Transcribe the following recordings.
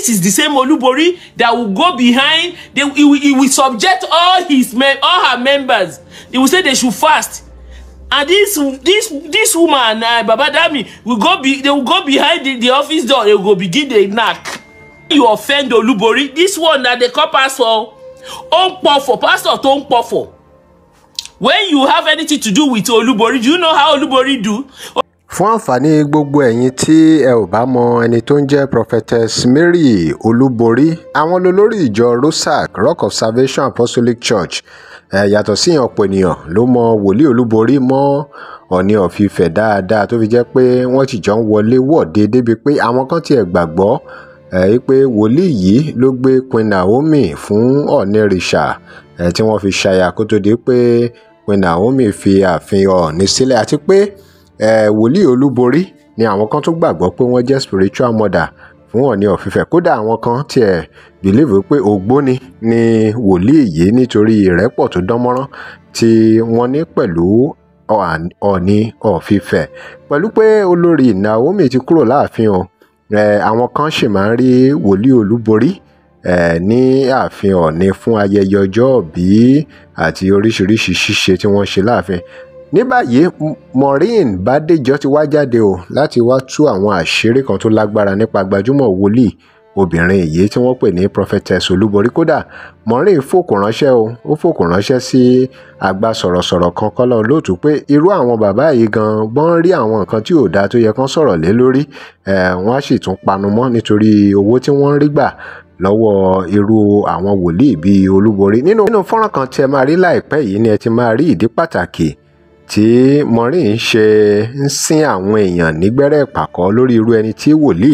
this is the same Olubori that will go behind they he will, he will subject all his men all her members They will say they should fast and this this this woman uh, Baba Dami will go be they will go behind the, the office door they will go begin the knack you offend Olubori this one uh, that dey call pastor o n pastor tó ń when you have anything to do with Olubori do you know how Olubori do fún àǹfààní gbogbo ẹ̀yin tí ẹ ò bá mọ ẹni tó ń jẹ́ prophetess mary olúborí àwọn olórí ìjọ rosac rock of salvation apostolic church ẹ yàtọ̀ sí ọ̀pọ̀ ènìyàn ló mọ wòlíì olúborí mọ́ ọ̀ní ọ̀fìfẹ́ dáadáa tó fi jẹ́ pé wọ́n ti jọ ń wọlé wọ̀de débi pé àwọn kan tiẹ̀ gbàgbọ́ ẹ pé wòlíì yìí ló gbé queen naomi fún ọ̀ní rìṣà ẹ tí wọ́n fi ṣàyà kó tó di pé queen naomi fi àfihàn ní sílẹ̀ àti pé eh, wòlíì olúborí ni àwọn kan tó gbàgbọ́ pé wọ́n jẹ́ spiritual mother fún Ọ̀ọ̀ni of Ifẹ̀ kódà àwọn kan tiẹ̀ bìlíìfù pé ògbóni ni wòlíì yìí nítorí ìrẹ́pọ̀ tó dánmọ́rán tí wọ́n ní pẹ̀lú Ọ̀ọ̀ni of Ifẹ̀ pẹ̀lú pé olórí Naomi ti kúrò láàfin o eh, àwọn kan sì máa ń rí wòlíì olúborí eh, ní ààfin Ọ̀ọ̀ni fún ayẹyẹ ọjọ́ òbí àti oríṣiríṣi ṣíṣe tí wọ́n ṣe láàfin ní báyìí maureen bàdéjọ ti wá jáde o láti wá tú àwọn àṣírí kan tó lágbára nípa gbajúmọ̀ wòlíì obìnrin èyí tí wọ́n pè ní prophetess olúborí kódà maureen fòkò ránṣẹ́ o ó fòkò ránṣẹ́ sí àgbà sọ̀rọ̀sọ̀rọ̀ kan kọ́lá olóòtú pé irú àwọn bàbá yìí gan bọ́n rí àwọn nǹkan tí ò dáa tó yẹ kán sọ̀rọ̀ lé lórí wọ́n á sì tún panu mọ́ nítorí owó tí wọ́n ń rí gbà lọ́wọ́ irú àwọn wòlíì bíi olúborí nínú fọ́nrán kan tí ẹ máa rí láìpẹ́ yìí ni ẹ ti máa rí ìdí pàtàkì tí maureen ṣe ń sin àwọn èèyàn nígbẹ́rẹ́ ìpàkọ́ lórí irú ẹni tí wòlíì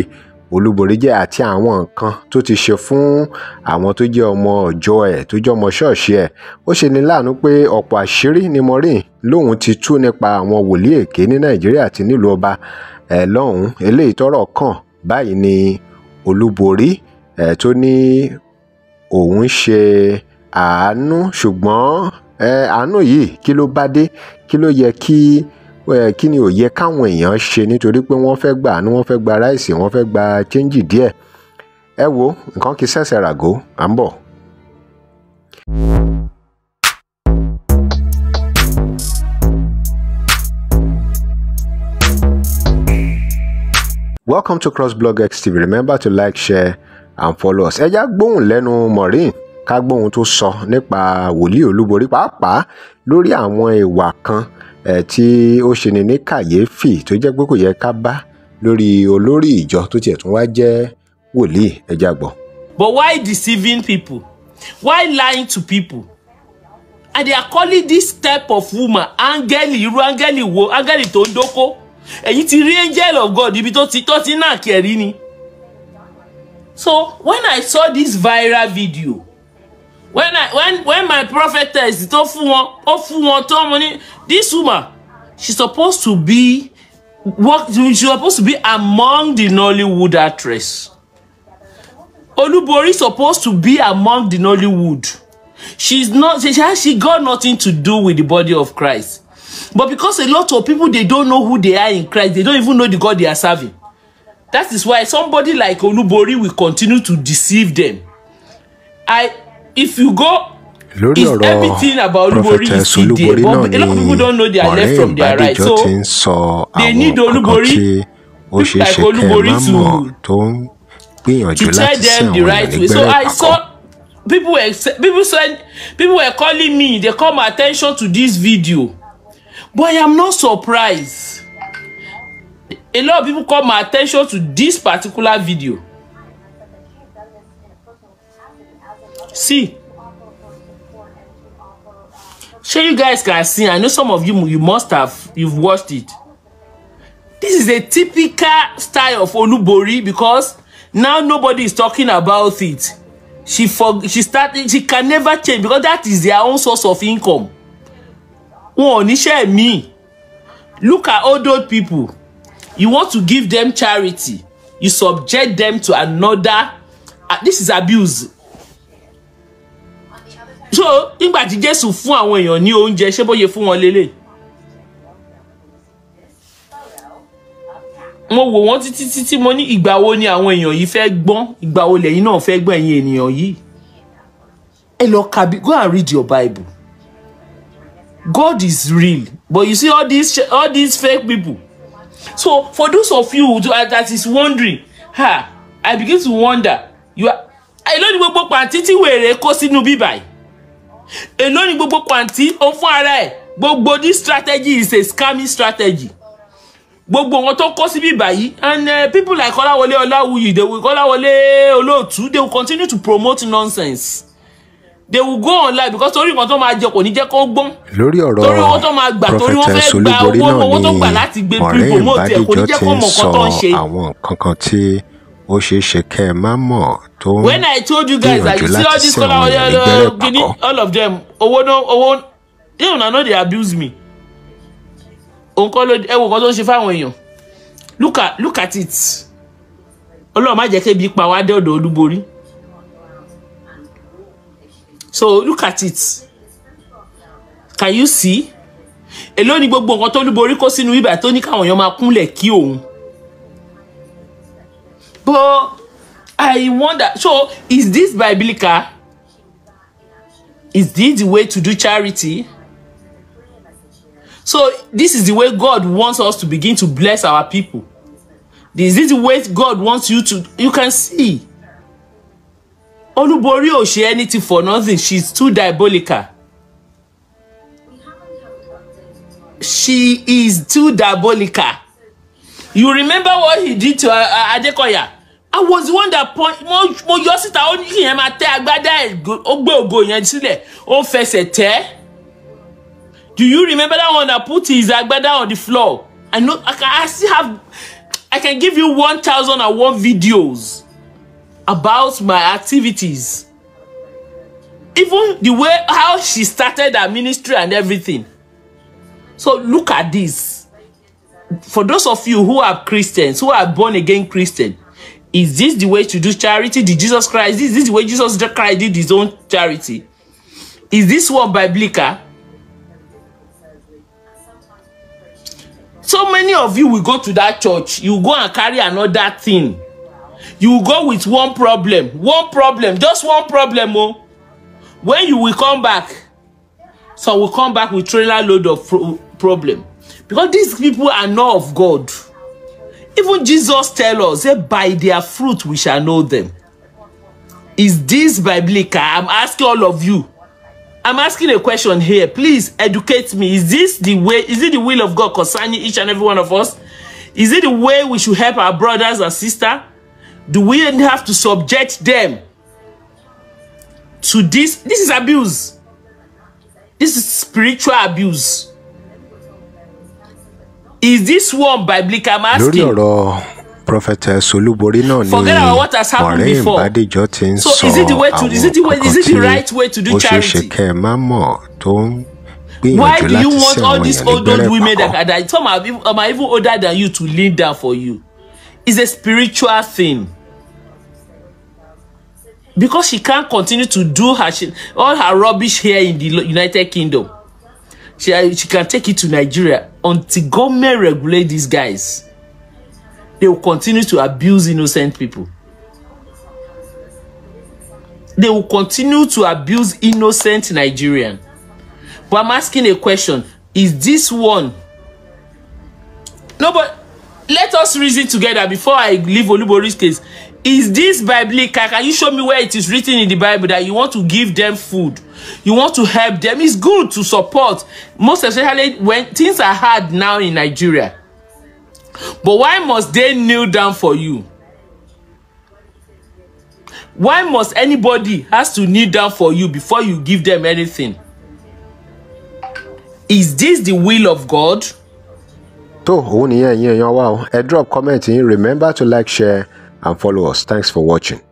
olúborí jẹ́ àti àwọn nǹkan tó ti ṣe fún àwọn tó jẹ́ ọmọ ọ̀jọ́ ẹ̀ tó jẹ́ ọmọ ṣọ́ọ̀ṣì ẹ̀ ó ṣe ní láàánú pé ọ̀pọ̀ àṣírí ni maureen lòun ti tú nípa àwọn wòlíì èké ní nàìjíríà àti nílùú ọba ẹ̀ lọ́hùn-ún eléyìí tọ́rọ̀ kàn báyìí ni olúborí ẹ̀ tó ní òun ṣe àánú ṣùgbọ́n àánú yìí kí ló bá dé kí ló yẹ kí kí ni ò yẹ káwọn èèyàn ṣe nítorí pé wọ́n fẹ́ gbà ní wọ́n fẹ́ gba ráìsì wọ́n fẹ́ gba chẹ́ńjì díẹ̀ ẹ wo nǹkan kì í ràgó à ń bọ̀. Welcome to crossblogX TV. Remember to like, share and follow us. ẹ já gbóhùn lẹ́nu Maureen ká gbọ́ tó sọ nípa wòlíì olúborí pàápàá lórí àwọn ìwà kan tí ó ṣeni ní kàyéfì tó jẹ́ pé kò yẹ ká bá lórí olórí ìjọ tó tiẹ̀ tún wá jẹ́ wòlíì ẹja gbọ́. But why deceiving people? Why lying to people? And they are calling this type of woman angeli irú angeli wo angeli tó ń dóko èyí ti rí angel of God ibi tó ti tọ́ ti náà kẹ̀rí ni. So when I saw this viral video when I when when my prophetess tó fún wọn ó fún wọn tó mo ní this woman she supposed to be work she supposed to be among the Nollywood actress Olúborí supposed to be among the Nollywood is not she, she got nothing to do with the body of Christ but because a lot of people they don't know who they are in Christ they don't even know the God they are serving that is why somebody like Olúborí will continue to deceive them I if you go lórí ọ̀rọ̀ prophetess olúborí náà ni ọ̀rẹ́ ìbádìjọ ti ń sọ àwọn nǹkan tí ó ṣe é ṣe kẹ́ ẹ má mọ̀ tó ń gbìyànjú láti sẹ́wọ̀n ẹ̀lẹ́gbẹ́rẹ́ papọ̀. People, were people, said, people were calling me they call my attention to this video but I am not surprised a lot of people call my attention to this particular video See. Sure, you guys can see. I know some of you, you must have, you've watched it. This is a typical style of Onubori because now nobody is talking about it. She for, she started, she can never change because that is their own source of income. Wọn ò níṣẹ́ mi. Look at all those people. You want to give them charity. You subject them to another. Uh, this is abuse so nígbà tí jésù fún àwọn èèyàn ní oúnjẹ ṣé bóyá fún wọn lélẹ̀ mo wò wọ́n títí títí mo ní ìgbà wo ni àwọn èèyàn yìí fẹ́ gbọ́n ìgbà wo lẹ́yìn náà fẹ́ gbọ́n ẹ̀yin ènìyàn yìí ẹ lọ kàbí go and read your bible god is real but you see all these all these fake people so for those of you that is wondering ha i begin to wonder you are èló ni gbogbo pàǹtí tí wèrè kó sínú bíbà yìí èló ni gbogbo pàǹtí ó fún ara ẹ̀ gbogbo this strategy is a scamming strategy gbogbo wọn tó kó sí bíbà yìí and uh, people like Kọ́láwọlé Ọláwuyì they will Kọ́láwọlé Olóòtú they will continue to promote nonsense they will go online because torí nǹkan tó máa jẹ kò ní jẹ́ kó gbọ́n lórí ọ̀rọ̀ torí owó tó máa gbà torí wọ́n fẹ́ gba owó owó tó gbà láti gbé pre-promote ẹ̀ kò ní jẹ́ kó mọ̀ nǹkan tó ń ṣe ó ṣeé ṣe kẹ́ ẹ má mọ̀ tó ń gbìyànjú láti sẹ́ àwọn èèyàn nígbẹ́rẹ́ pàkọ́. owó náà owó they una know they abuse me òun kọ́ ló ẹ wo nǹkan tó ń ṣe fáwọn èèyàn look at look at it ọlọ́run má jẹ́ kébi pa wá dé ọ̀dọ̀ olúborí so look at it can you see èló ni gbogbo nǹkan tó olúborí kó sínú ibà tó ní káwọn èèyàn máa kúnlẹ̀ kí òun but i wonder so is this biblical is this the way to do charity so this is the way god wants us to begin to bless our people this is the way god wants you to you can see olubori ò ṣe anything for nothing she is too diabolical she is too diabolical you remember what he did to uh, uh adekoya I was the one that point mo mo yọ síta ó ní ìyẹn máa tẹ agbádá ẹ ó gbé ògo yẹn sílẹ̀ ó fẹsẹ̀ tẹ̀. Do you remember that one that put his Agbada on the floor? I know I can I still have I can give you one thousand and one videos about my activities. Even the way how she started her ministry and everything. So look at this. For those of you who are Christians, who are born again Christians. Is this the way to do charity? Did Jesus Christ, is this the way Jesus Christ did his own charity? Is this one biblical? So many of you will go to that church, you go and carry another thing. You go with one problem, one problem, just one problem. Oh. When you will come back, some will come back with trailer load of pro problem. Because these people are not of God. Even Jesus tell us, say, by their fruit we shall know them. Is this biblical? I'm asking all of you. I'm asking a question here. Please educate me. Is this the way, is it the will of God concerning each and every one of us? Is it the way we should help our brothers and sisters? Do we have to subject them to this? This is abuse. This is spiritual abuse is this one biblical i'm asking. lórí ọ̀rọ̀ prophetess olúborí náà ni ọ̀rẹ́ ìbádìjọ́ ti ń sọ àwọn kọ̀ọ̀kan tí ó ṣeé ṣe kẹ́ ẹ má mọ̀ tó ń why do you want all these old old women that, that some are, even, even older than you to lean down for you it's a spiritual thing because she can't continue to do her all her rubbish here in the United Kingdom she, uh, she can take it to Nigeria until government regulate these guys. They will continue to abuse innocent people. They will continue to abuse innocent Nigerian. But I'm asking a question. Is this one? No, but let us reason together before I leave Olubori's case. Is this biblical? Can you show me where it is written in the Bible that you want to give them food? You want to help them? It's good to support, most especially when things are hard now in Nigeria. But why must they kneel down for you? Why must anybody has to kneel down for you before you give them anything? Is this the will of God? tó òun nìyẹn ìyẹn èèyàn wa o ẹ drop comment yín remember to like share and follow us. Thanks for watching.